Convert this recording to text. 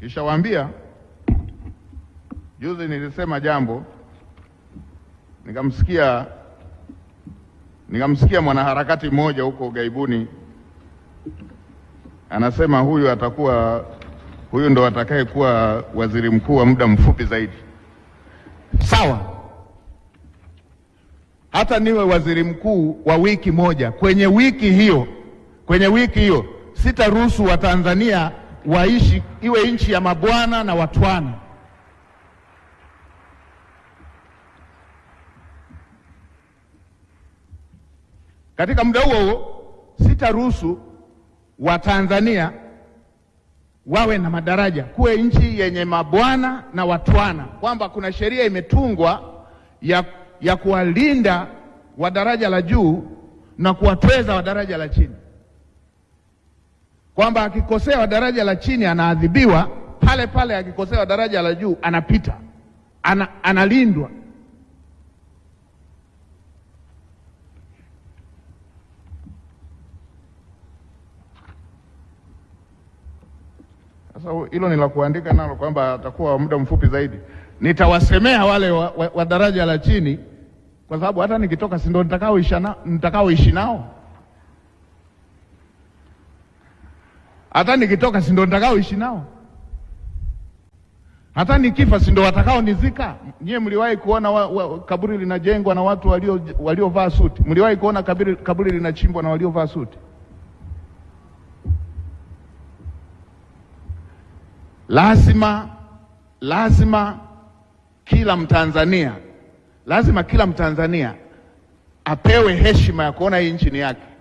Kisha waambia juzi nilisema jambo nikamsikia nikamsikia mwanaharakati mmoja huko gaibuni anasema huyu atakuwa huyu ndo atakayekuwa waziri mkuu wa muda mfupi zaidi. Sawa, hata niwe waziri mkuu wa wiki moja, kwenye wiki hiyo, kwenye wiki hiyo sitaruhusu Watanzania waishi iwe nchi ya mabwana na watwana. Katika muda huo huo, sitaruhusu Watanzania wawe na madaraja, kuwe nchi yenye mabwana na watwana, kwamba kuna sheria imetungwa ya, ya kuwalinda wa daraja la juu na kuwatweza wa daraja la chini kwamba akikosea daraja la chini anaadhibiwa pale pale, akikosea daraja la juu anapita, ana, analindwa. Sasa hilo ni la kuandika nalo kwamba atakuwa muda mfupi zaidi, nitawasemea wale wa, wa, wa daraja la chini, kwa sababu hata nikitoka si ndo nitakaoishi nao hata nikitoka si ndo nitakaoishi nao, hata nikifa si ndo watakao nizika. Nyie mliwahi kuona wa, wa, kaburi linajengwa na watu waliovaa suti? Mliwahi kuona kaburi, kaburi linachimbwa na waliovaa suti? Lazima, lazima kila Mtanzania lazima kila Mtanzania apewe heshima ya kuona hii nchi ni yake.